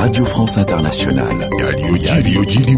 Radio France Internationale.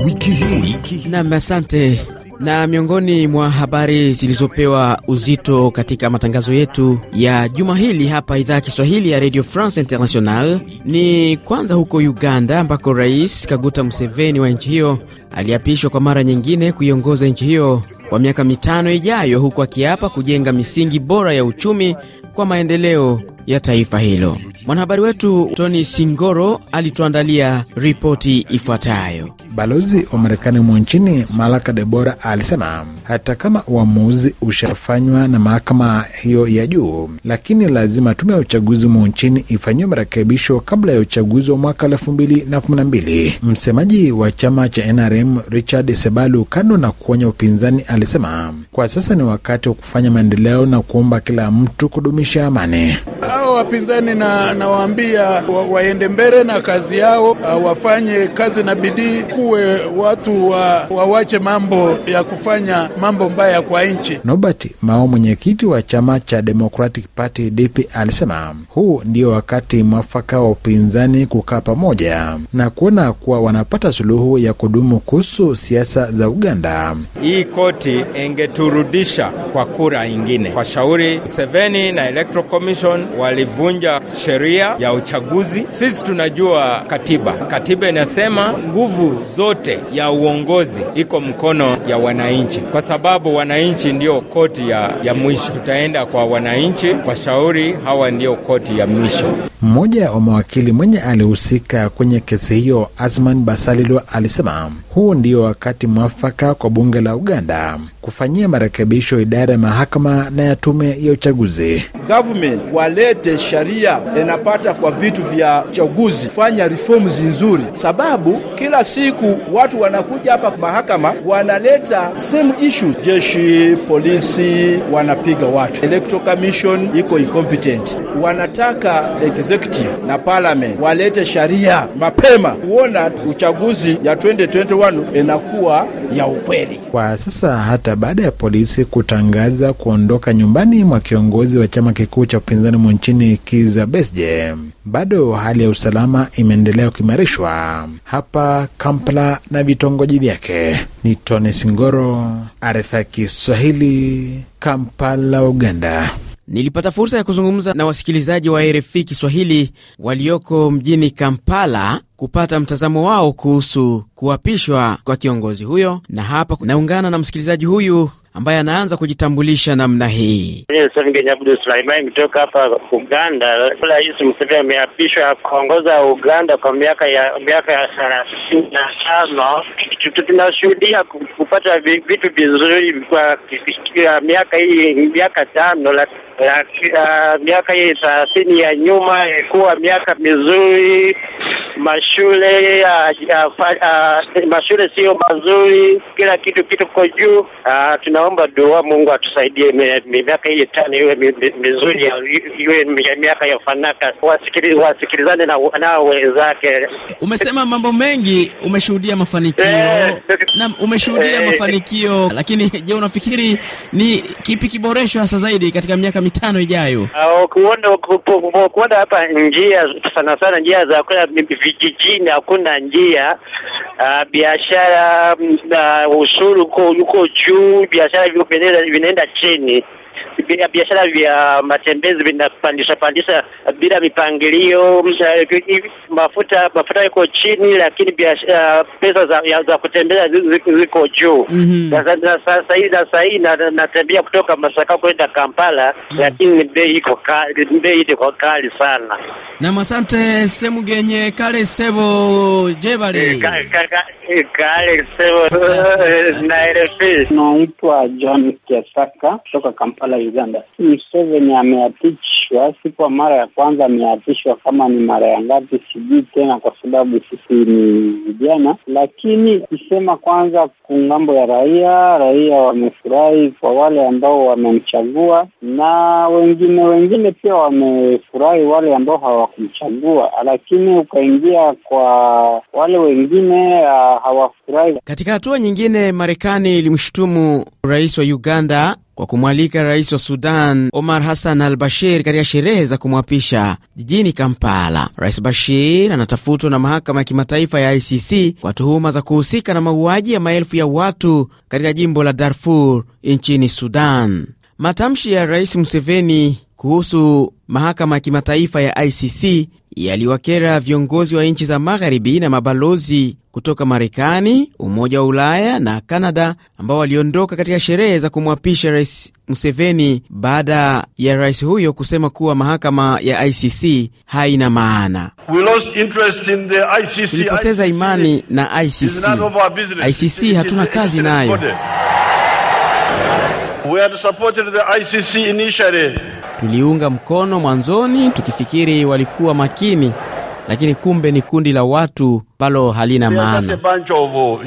wiki hii. Nam, asante. Na miongoni mwa habari zilizopewa uzito katika matangazo yetu ya juma hili hapa idhaa ya Kiswahili ya Radio France International ni kwanza huko Uganda ambako Rais Kaguta Museveni wa nchi hiyo aliapishwa kwa mara nyingine kuiongoza nchi hiyo kwa miaka mitano ijayo, huku akiapa kujenga misingi bora ya uchumi kwa maendeleo ya taifa hilo. Mwanahabari wetu Tony Singoro alituandalia ripoti ifuatayo. Balozi wa Marekani humo nchini Malaka Debora alisema hata kama uamuzi ushafanywa na mahakama hiyo ya juu, lakini lazima tume ya uchaguzi humo nchini ifanyiwe marekebisho kabla ya uchaguzi wa mwaka elfu mbili na kumi na mbili. Msemaji wa chama cha NRM marehemu Richard Sebalu, kando na kuonya upinzani, alisema kwa sasa ni wakati wa kufanya maendeleo na kuomba kila mtu kudumisha amani. Hao wapinzani na nawaambia wa, waende mbele na kazi yao, ah, wafanye kazi na bidii, kuwe watu wa, wawache mambo ya kufanya mambo mbaya kwa nchi. Nobert Mao, mwenyekiti wa chama cha Democratic Party DP, alisema huu ndio wakati mwafaka wa upinzani kukaa pamoja na kuona kuwa wanapata suluhu ya kudumu kuhusu siasa za Uganda. Hii koti ingeturudisha kwa kura ingine. Kwa shauri Museveni na Electoral Commission walivunja sheria ya uchaguzi. Sisi tunajua katiba, katiba inasema nguvu zote ya uongozi iko mkono ya wananchi, kwa sababu wananchi ndio koti ya, ya mwisho. Tutaenda kwa wananchi kwa shauri, hawa ndio koti ya mwisho. Mmoja wa mawakili mwenye alihusika kwenye kesi hiyo, Azman Basalilo alisema huu ndio wakati mwafaka kwa bunge la Uganda kufanyia marekebisho idara ya mahakama na ya tume ya uchaguzi. Government walete sharia inapata kwa vitu vya uchaguzi, fanya reforms nzuri, sababu kila siku watu wanakuja hapa mahakama wanaleta same issues. Jeshi polisi wanapiga watu, Electoral Commission iko incompetent. Wanataka executive na parliament walete sharia mapema, kuona uchaguzi ya 2021 maelewano inakuwa ya ukweli. Kwa sasa, hata baada ya polisi kutangaza kuondoka nyumbani mwa kiongozi wa chama kikuu cha upinzani mwa nchini Kiza Besje, bado hali ya usalama imeendelea kuimarishwa hapa Kampala na vitongoji vyake. Ni Tony Singoro, RFI Kiswahili, Kampala, Uganda. Nilipata fursa ya kuzungumza na wasikilizaji wa RFI Kiswahili walioko mjini Kampala kupata mtazamo wao kuhusu kuapishwa kwa kiongozi huyo, na hapa naungana na msikilizaji huyu ambaye anaanza kujitambulisha namna hii. Abdu Sulaimani kutoka hapa Uganda. Rais Museveni ameapishwa kuongoza Uganda kwa miaka ya miaka ya thelathini na tano. Tunashuhudia kupata vitu vizuri kwa miaka hii miaka tano, miaka hii thelathini ya nyuma kuwa miaka mizuri mashule mashule sio mazuri, kila kitu kituko juu. Ah, tunaomba dua, Mungu atusaidie miaka hii tano iwe mizuri, iwe miaka ya fanaka, wasikilizane nao na wenzake. Umesema mambo mengi, umeshuhudia mafanikio eh. na umeshuhudia eh. mafanikio, lakini je, unafikiri ni kipi kiboresho hasa zaidi katika miaka mitano ijayo? Ah, Kuona hapa njia sana sana njia za kwenda jijini hakuna njia uh, biashara uh, ushuru uko juu, biashara vinaenda chini vya biashara vya matembezi vinapandisha pandisha bila mipangilio. Mafuta mafuta yako chini, lakini biashara, pesa za, za kutembea ziko juu. Sasa mhm. hii sasa hii natembea kutoka Masaka kwenda Kampala, mhm. lakini bei iko bei iko kali sana. Na masante semu genye kale sebo jebale eh, eh, kale sebo eh, na RFI. Naitwa John Kiasaka kutoka Kampala Uganda. Museveni ameapishwa, si kwa mara ya kwanza ameapishwa, kama ni mara ya ngapi sijui tena, kwa sababu sisi ni vijana. Lakini kusema kwanza, kungambo ya raia, raia wamefurahi kwa wale ambao wamemchagua, na wengine wengine pia wamefurahi wale ambao hawakumchagua, lakini ukaingia kwa wale wengine ah, hawafurahi. Katika hatua nyingine, Marekani ilimshutumu rais wa Uganda kwa kumwalika rais wa Sudan Omar Hassan al Bashir katika sherehe za kumwapisha jijini Kampala. Rais Bashir anatafutwa na mahakama ya kimataifa ya ICC kwa tuhuma za kuhusika na mauaji ya maelfu ya watu katika jimbo la Darfur nchini Sudan. Matamshi ya Rais Museveni kuhusu mahakama ya kimataifa ya ICC yaliwakera viongozi wa nchi za magharibi na mabalozi kutoka Marekani, Umoja wa Ulaya na Kanada ambao waliondoka katika sherehe za kumwapisha Rais Museveni baada ya rais huyo kusema kuwa mahakama ya ICC haina maana. Tulipoteza in imani na ICC. ICC hatuna kazi nayo. Tuliunga mkono mwanzoni tukifikiri walikuwa makini, lakini kumbe ni kundi la watu ambalo halina maana. Uh,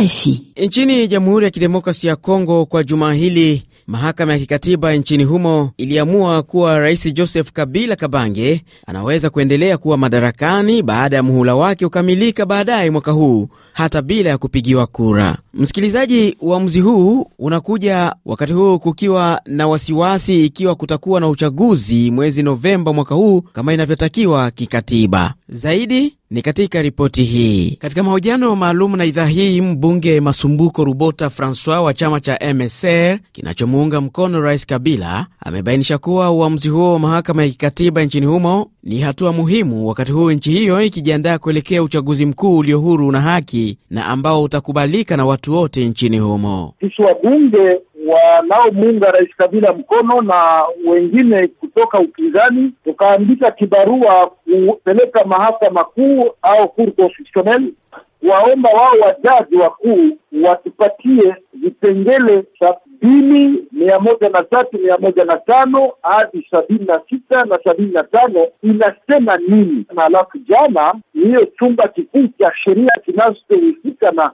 RFI. Nchini Jamhuri ya Kidemokrasia ya Kongo kwa juma hili Mahakama ya kikatiba nchini humo iliamua kuwa Rais Joseph Kabila Kabange anaweza kuendelea kuwa madarakani baada ya muhula wake kukamilika baadaye mwaka huu hata bila ya kupigiwa kura. Msikilizaji, uamuzi huu unakuja wakati huu kukiwa na wasiwasi ikiwa kutakuwa na uchaguzi mwezi Novemba mwaka huu kama inavyotakiwa kikatiba. Zaidi ni katika ripoti hii. Katika mahojiano maalum na idhaa hii, mbunge Masumbuko Rubota Francois wa chama cha MSR kinachomuunga mkono Rais Kabila amebainisha kuwa uamuzi huo wa mahakama ya kikatiba nchini humo ni hatua muhimu, wakati huu nchi hiyo ikijiandaa kuelekea uchaguzi mkuu ulio huru na haki na ambao utakubalika na watu wote nchini humo. Sisi wabunge wanaomuunga Rais Kabila mkono na wengine kutoka upinzani, tukaandika kibarua kupeleka mahakama kuu au Cour waomba wao wajaji wakuu watupatie vipengele sitini mia moja na tatu mia moja na tano hadi sabini na sita na sabini na tano inasema nini? Na alafu jana hiyo chumba kikuu cha sheria kinachohusika na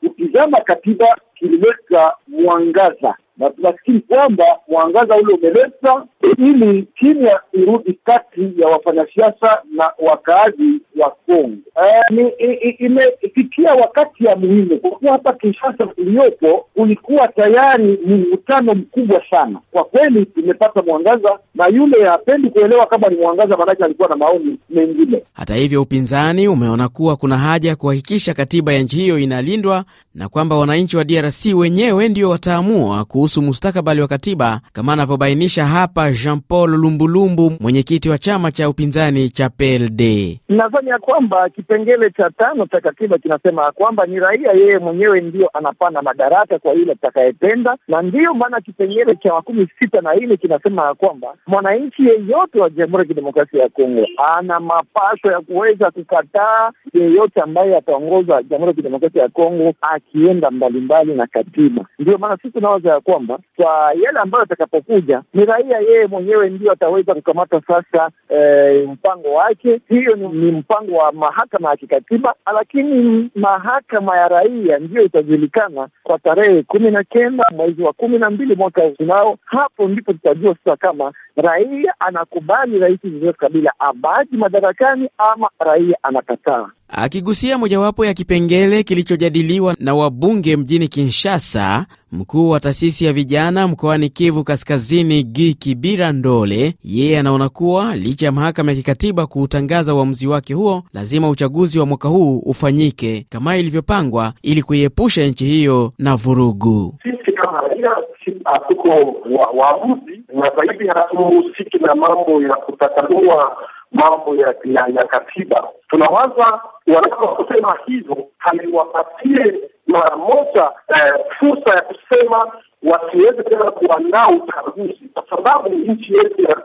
kutizama katiba kiliweka mwangaza na tunafikiri kwamba mwangaza ule umeleta ili kimya irudi kati ya wafanyasiasa na wakaaji wa Kongo. Eh, imefikia wakati ya muhimu kwa kuwa hapa Kinshasa tuliyopo kulikuwa tayari ni mkutano mkubwa sana. Kwa kweli tumepata mwangaza, na yule hapendi kuelewa kama ni mwangaza, maanake alikuwa na maoni mengine. Hata hivyo, upinzani umeona kuwa kuna haja ya kuhakikisha katiba ya nchi hiyo inalindwa na kwamba wananchi wa DRC wenyewe ndio wataamua kuhusu mustakabali wa katiba kama anavyobainisha hapa Jean Paul Lumbulumbu, mwenyekiti wa chama cha upinzani cha PLD. Nadhani ya kwamba kipengele cha tano cha katiba kinasema ya kwamba ni raia yeye mwenyewe ndiyo anapanda madaraka kwa ile atakayependa, na ndiyo maana kipengele cha makumi sita na nne kinasema ya kwamba mwananchi yeyote wa Jamhuri ya Kidemokrasia ya Kongo ana mapaso ya kuweza kukataa yeyote ambaye ataongoza Jamhuri ya Kidemokrasia ya Kongo akienda mbalimbali na katiba. Ndiyo maana sisi tunawaza ya kwamba kwamba kwa yale ambayo atakapokuja ni raia yeye mwenyewe ndio ataweza kukamata sasa e, mpango wake. Hiyo ni, ni mpango wa mahakama ya kikatiba, lakini mahakama ya raia ndiyo itajulikana kwa tarehe kumi na kenda mwezi wa kumi na mbili mwaka usinao. Hapo ndipo tutajua sasa kama raia anakubali Rais Joseph Kabila abaki madarakani ama raia anakataa. Akigusia mojawapo ya kipengele kilichojadiliwa na wabunge mjini Kinshasa, mkuu wa taasisi ya vijana mkoani Kivu Kaskazini, Gi Kibira Ndole, yeye anaona kuwa licha ya mahakama ya kikatiba kuutangaza uamuzi wake huo, lazima uchaguzi wa mwaka huu ufanyike kama ilivyopangwa ili kuiepusha nchi hiyo na vurugu. Sisi kama raia hatuko waamuzi wa na zaidi hatuhusiki na mambo ya kutatanua mambo ya, ya, ya katiba. Tunawaza wanaposema hivyo haliwapatie mara moja eh, fursa ya kusema wasiweze tena kuandaa uchaguzi, kwa sababu nchi yetu ya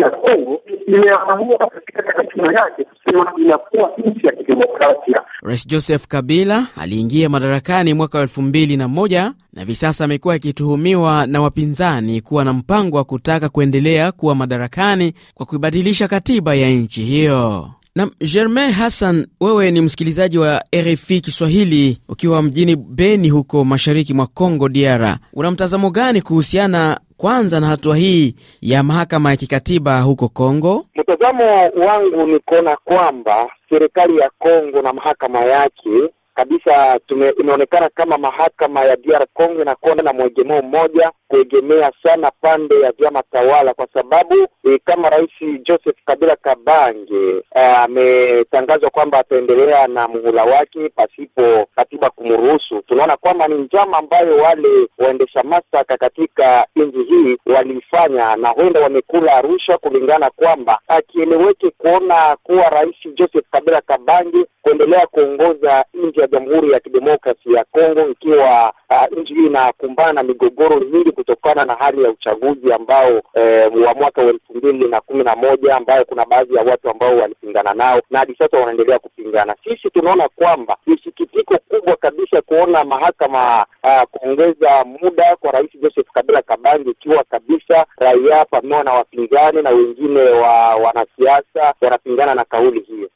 ya Kongo imeamua katika katiba yake kusema inakuwa nchi ya kidemokrasia. Rais Joseph Kabila aliingia madarakani mwaka wa elfu mbili na moja na hivi sasa amekuwa akituhumiwa na wapinzani kuwa na mpango wa kutaka kuendelea kuwa madarakani kwa kuibadilisha katiba ya nchi hiyo. Na Germain Hassan, wewe ni msikilizaji wa RFI Kiswahili ukiwa mjini Beni huko mashariki mwa Congo Diara, una mtazamo gani kuhusiana kwanza na hatua hii ya mahakama ya kikatiba huko Kongo? Mtazamo wangu ni kuona kwamba serikali ya Kongo na mahakama yake kabisa tume, inaonekana kama mahakama ya DR Congo inakuwa na mwegemeo mmoja kuegemea sana pande ya vyama tawala, kwa sababu e, kama Rais Joseph Kabila Kabange eh, ametangazwa kwamba ataendelea na muhula wake pasipo katiba kumruhusu, tunaona kwamba ni njama ambayo wale waendesha mashtaka katika nchi hii waliifanya, na huenda wamekula rushwa, kulingana kwamba akieleweke kuona kuwa Rais Joseph Kabila Kabange kuendelea kuongoza nchi ya Jamhuri ya Kidemokrasi ya Kongo, ikiwa uh, nchi hii inakumbana na migogoro mingi kutokana na hali ya uchaguzi ambao eh, wa mwaka wa elfu mbili na kumi na moja ambayo kuna baadhi ya watu ambao walipingana nao na hadi sasa wanaendelea kupingana. Sisi tunaona kwamba ni sikitiko kubwa kabisa kuona mahakama uh, kuongeza muda kwa Rais Joseph Kabila Kabange, ikiwa kabisa raia pamoja na wapinzani na wengine wa wanasiasa wanapingana na kauli hiyo.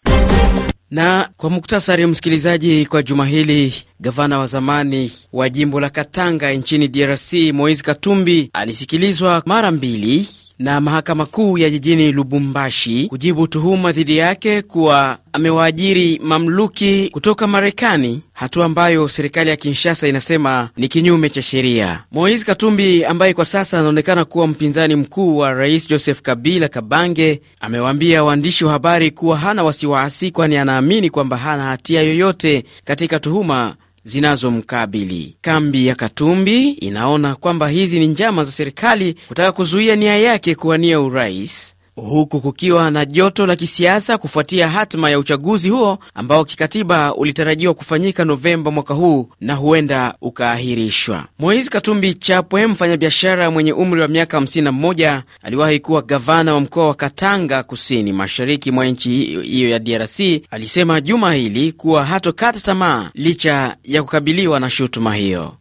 Na kwa muktasari, msikilizaji, kwa juma hili Gavana wa zamani wa jimbo la Katanga nchini DRC Moise Katumbi alisikilizwa mara mbili na mahakama kuu ya jijini Lubumbashi kujibu tuhuma dhidi yake kuwa amewaajiri mamluki kutoka Marekani, hatua ambayo serikali ya Kinshasa inasema ni kinyume cha sheria. Moise Katumbi ambaye kwa sasa anaonekana kuwa mpinzani mkuu wa Rais Joseph Kabila Kabange amewaambia waandishi wa habari kuwa hana wasiwasi, kwani anaamini kwamba hana hatia yoyote katika tuhuma zinazomkabili. Kambi ya Katumbi inaona kwamba hizi ni njama za serikali kutaka kuzuia nia yake kuwania urais huku kukiwa na joto la kisiasa kufuatia hatima ya uchaguzi huo ambao kikatiba ulitarajiwa kufanyika Novemba mwaka huu na huenda ukaahirishwa. Moise Katumbi Chapwe, mfanyabiashara mwenye umri wa miaka 51, aliwahi kuwa gavana wa mkoa wa Katanga, kusini mashariki mwa nchi hiyo ya DRC, alisema juma hili kuwa hatokata tamaa licha ya kukabiliwa na shutuma hiyo.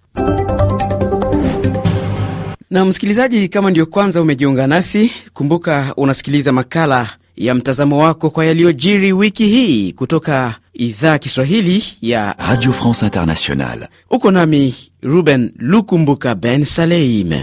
Na msikilizaji, kama ndiyo kwanza umejiunga nasi, kumbuka unasikiliza makala ya mtazamo wako kwa yaliyojiri wiki hii kutoka idhaa Kiswahili ya Radio France Internationale. Uko nami Ruben Lukumbuka Ben Saleim.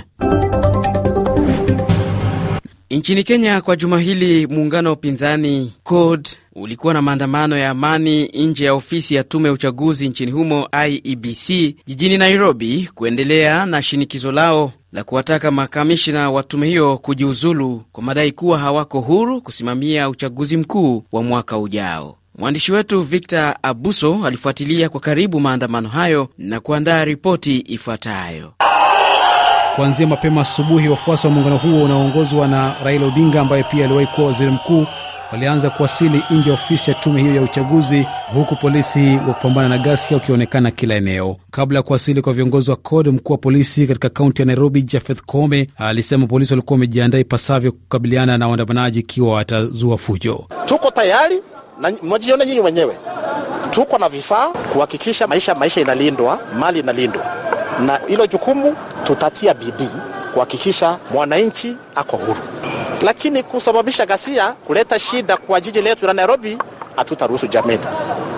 Nchini Kenya kwa juma hili, muungano wa upinzani CORD ulikuwa na maandamano ya amani nje ya ofisi ya tume ya uchaguzi nchini humo IEBC jijini Nairobi, kuendelea na shinikizo lao la kuwataka makamishna wa tume hiyo kujiuzulu kwa madai kuwa hawako huru kusimamia uchaguzi mkuu wa mwaka ujao. Mwandishi wetu Victor Abuso alifuatilia kwa karibu maandamano hayo na kuandaa ripoti ifuatayo. Kuanzia mapema asubuhi, wafuasi wa muungano huo unaoongozwa na Raila Odinga ambaye pia aliwahi kuwa waziri mkuu walianza kuwasili nje ya ofisi ya tume hiyo ya uchaguzi, huku polisi wa kupambana na ghasia ukionekana kila eneo. Kabla ya kuwasili kwa viongozi wa CORD, mkuu wa polisi katika kaunti ya Nairobi, Jafeth Kome, alisema polisi walikuwa wamejiandaa ipasavyo kukabiliana na waandamanaji ikiwa watazua fujo. Tuko tayari na mwajione nyinyi wenyewe, tuko na vifaa kuhakikisha maisha maisha inalindwa, mali inalindwa, na hilo jukumu tutatia bidii kuhakikisha mwananchi ako huru lakini kusababisha ghasia, kuleta shida kwa jiji letu la Nairobi, hatutaruhusu jameni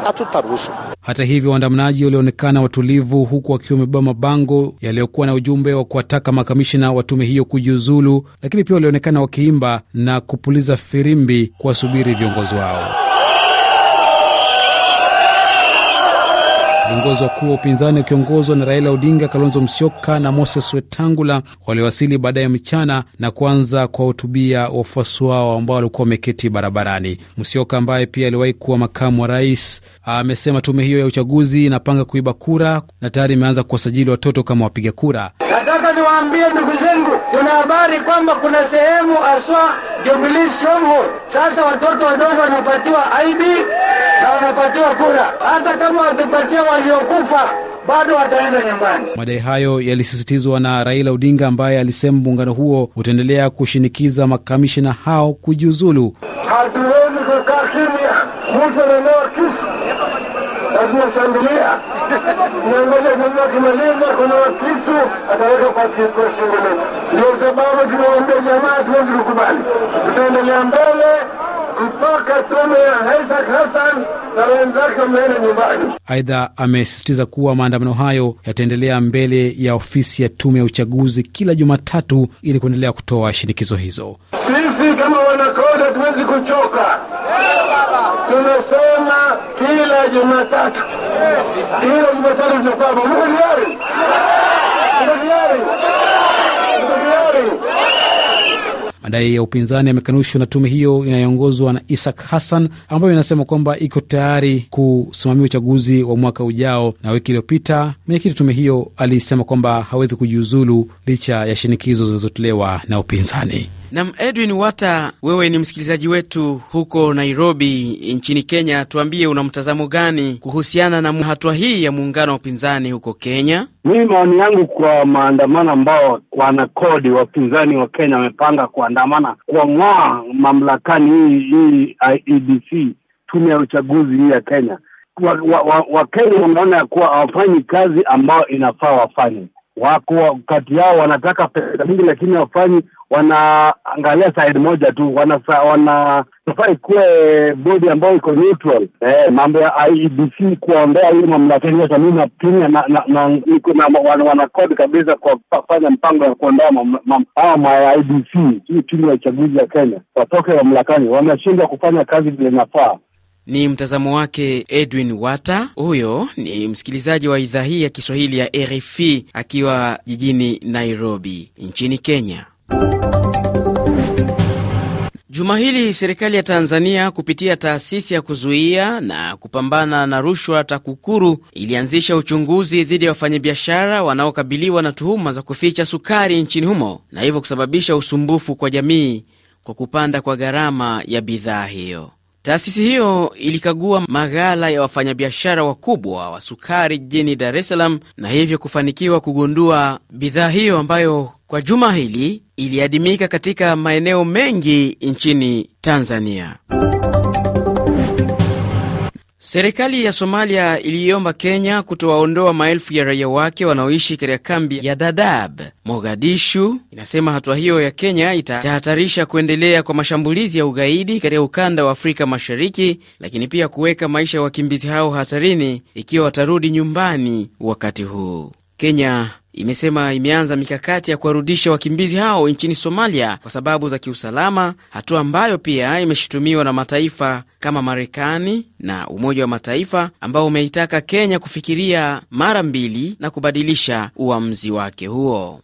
hatutaruhusu. Hata hivyo, waandamanaji walionekana watulivu, huku wakiwa wamebeba mabango yaliyokuwa na ujumbe wa kuwataka makamishina wa tume hiyo kujiuzulu, lakini pia walionekana wakiimba na kupuliza firimbi kuwasubiri viongozi wao. Viongozi wakuu wa upinzani wakiongozwa na Raila Odinga, Kalonzo Musyoka na Moses Wetangula waliwasili baadaye mchana na kuanza kuwahutubia wafuasi wao ambao walikuwa wameketi barabarani. Musyoka ambaye pia aliwahi kuwa makamu wa rais amesema tume hiyo ya uchaguzi inapanga kuiba kura na tayari imeanza kuwasajili watoto kama wapiga kura. Nataka niwaambie ndugu zangu, tuna habari kwamba kuna sehemu aswa Jubilee Stronghold, sasa watoto wadogo wanapatiwa ID wanapatiwa kura, hata kama wakipatia waliokufa bado wataenda nyumbani. Madai hayo yalisisitizwa na Raila Odinga ambaye alisema muungano huo utaendelea kushinikiza makamishina hao kujiuzulu. Hatuwezi kukaa kimya, mtu ananao kisu tunashangilia viongozi akimaliza kuna wakisu ataweka kwa shingo Ndio sababu tunawaambia jamaa, hatuwezi kukubali, tutaendelea mbele tume ya Isaac Hassan na wenzake mnaenda nyumbani. Aidha, amesisitiza kuwa maandamano hayo yataendelea mbele ya ofisi ya tume ya uchaguzi kila Jumatatu ili kuendelea kutoa shinikizo hizo. Sisi kama wanakoda tuwezi kuchoka, tunasema kila Jumatatu, kila Jumatatu tunakwamba mko tayari Madai ya upinzani yamekanushwa na tume hiyo inayoongozwa na Isak Hassan ambayo inasema kwamba iko tayari kusimamia uchaguzi wa mwaka ujao. Na wiki iliyopita mwenyekiti tume hiyo alisema kwamba hawezi kujiuzulu licha ya shinikizo zinazotolewa na upinzani. Nam Edwin Wata, wewe ni msikilizaji wetu huko Nairobi nchini Kenya, tuambie una mtazamo gani kuhusiana na hatua hii ya muungano wa upinzani huko Kenya? Mimi maoni yangu kwa maandamano ambao wanakodi wapinzani wa Kenya wamepanga kuandamana kuang'oa mamlakani hii hii IEBC, ah, tume ya uchaguzi hii ya Kenya, Wakenya wa, wa, wa wameona ya kuwa hawafanyi kazi ambayo inafaa wafanye wako kati yao wanataka pesa mingi, lakini wafanyi, wanaangalia side moja tu, wanafaa wana, ikuwe bodi ambayo iko neutral eh, mambo ya IEBC kuondoa hiyo mamlakani. Sasa mimi napinga na, na, na, na wana, wana kodi kabisa kwa kufanya mpango ya kuondoa hawa ma IEBC hii timu ya uchaguzi ya Kenya watoke mamlakani, wameshindwa kufanya kazi vile nafaa. Ni mtazamo wake Edwin Wata. Huyo ni msikilizaji wa idhaa hii ya Kiswahili ya RFI akiwa jijini Nairobi nchini Kenya. Juma hili serikali ya Tanzania kupitia taasisi ya kuzuia na kupambana na rushwa TAKUKURU ilianzisha uchunguzi dhidi ya wafanyabiashara wanaokabiliwa na tuhuma za kuficha sukari nchini humo na hivyo kusababisha usumbufu kwa jamii kwa kupanda kwa gharama ya bidhaa hiyo. Taasisi hiyo ilikagua maghala ya wafanyabiashara wakubwa wa sukari jijini Dar es Salaam na hivyo kufanikiwa kugundua bidhaa hiyo ambayo kwa juma hili iliadimika katika maeneo mengi nchini Tanzania. Serikali ya Somalia iliomba Kenya kutowaondoa maelfu ya raia wake wanaoishi katika kambi ya Dadaab. Mogadishu inasema hatua hiyo ya Kenya itahatarisha kuendelea kwa mashambulizi ya ugaidi katika ukanda wa Afrika Mashariki, lakini pia kuweka maisha ya wakimbizi hao hatarini ikiwa watarudi nyumbani wakati huu. Kenya imesema imeanza mikakati ya kuwarudisha wakimbizi hao nchini Somalia kwa sababu za kiusalama, hatua ambayo pia imeshutumiwa na mataifa kama Marekani na Umoja wa Mataifa ambao umeitaka Kenya kufikiria mara mbili na kubadilisha uamuzi wake huo.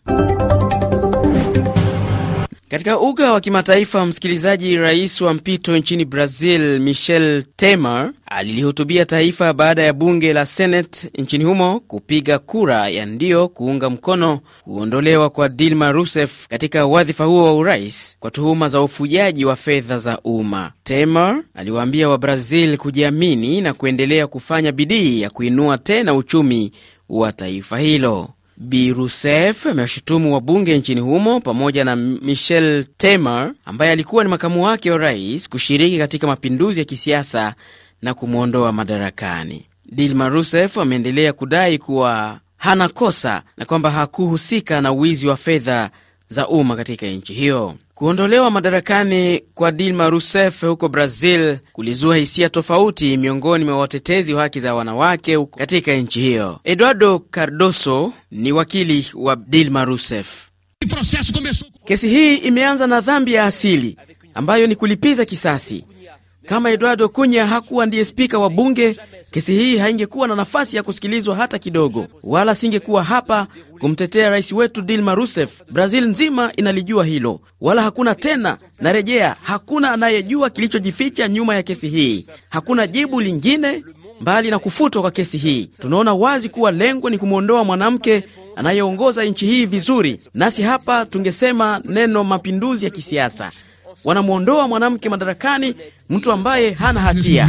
Katika uga wa kimataifa, msikilizaji, rais wa mpito nchini Brazil Michel Temer alilihutubia taifa baada ya bunge la Senate nchini humo kupiga kura ya ndio kuunga mkono kuondolewa kwa Dilma Rousseff katika wadhifa huo wa urais kwa tuhuma za ufujaji wa fedha za umma. Temer aliwaambia Wabrazil kujiamini na kuendelea kufanya bidii ya kuinua tena uchumi wa taifa hilo. Birusef amewashutumu wabunge nchini humo pamoja na Michel Temer ambaye alikuwa ni makamu wake wa rais kushiriki katika mapinduzi ya kisiasa na kumwondoa madarakani. Dilma Rousseff ameendelea kudai kuwa hana kosa na kwamba hakuhusika na wizi wa fedha za umma katika nchi hiyo. Kuondolewa madarakani kwa Dilma Rousseff huko Brazil kulizua hisia tofauti miongoni mwa watetezi wa haki za wanawake katika nchi hiyo. Eduardo Cardoso ni wakili wa Dilma Rousseff. Kesi hii imeanza na dhambi ya asili ambayo ni kulipiza kisasi. Kama Eduardo Cunha hakuwa ndiye spika wa bunge, kesi hii haingekuwa na nafasi ya kusikilizwa hata kidogo, wala singekuwa hapa kumtetea rais wetu Dilma Rousseff. Brazil nzima inalijua hilo, wala hakuna tena, narejea, hakuna anayejua kilichojificha nyuma ya kesi hii. Hakuna jibu lingine mbali na kufutwa kwa kesi hii. Tunaona wazi kuwa lengo ni kumwondoa mwanamke anayeongoza nchi hii vizuri, nasi hapa tungesema neno mapinduzi ya kisiasa wanamwondoa mwanamke madarakani, mtu ambaye hana hatia.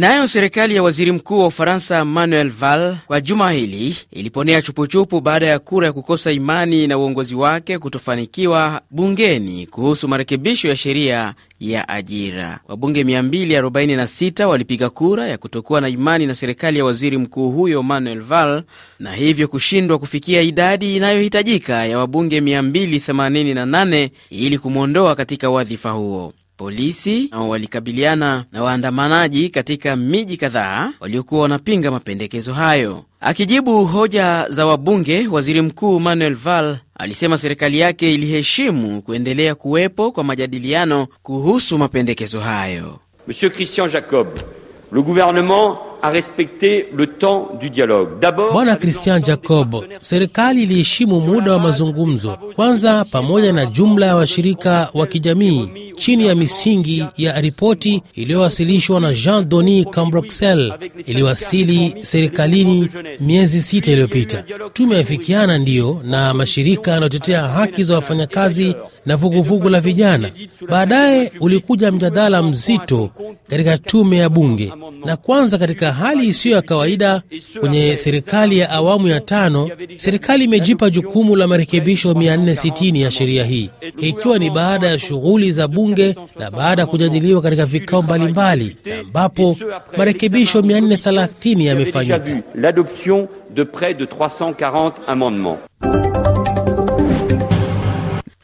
Nayo serikali ya waziri mkuu wa Ufaransa Manuel Val kwa juma hili iliponea chupuchupu baada ya kura ya kukosa imani na uongozi wake kutofanikiwa bungeni kuhusu marekebisho ya sheria ya ajira. Wabunge 246 walipiga kura ya kutokuwa na imani na serikali ya waziri mkuu huyo Manuel Val na hivyo kushindwa kufikia idadi inayohitajika ya wabunge 288 ili kumwondoa katika wadhifa huo. Polisi nao walikabiliana na waandamanaji katika miji kadhaa waliokuwa wanapinga mapendekezo hayo. Akijibu hoja za wabunge, waziri mkuu Manuel Val alisema serikali yake iliheshimu kuendelea kuwepo kwa majadiliano kuhusu mapendekezo hayo. Monsieur Christian Jacob, le gouvernement à respecter le temps du dialogue. D'abord, Bwana Christian Jacob, serikali iliheshimu muda wa mazungumzo kwanza pamoja na jumla ya wa washirika wa kijamii chini ya misingi ya ripoti iliyowasilishwa na Jean Denis Cambroxel iliwasili serikalini miezi sita iliyopita. Tumeafikiana ndiyo na mashirika yanayotetea haki za wafanyakazi na vuguvugu la vijana. Baadaye ulikuja mjadala mzito katika tume ya bunge na kwanza katika hali isiyo ya kawaida kwenye serikali ya awamu ya tano, serikali imejipa jukumu la marekebisho 460 ya sheria hii, ikiwa ni baada ya shughuli za bunge na baada ya kujadiliwa katika vikao mbalimbali, ambapo marekebisho 430 yamefanyika.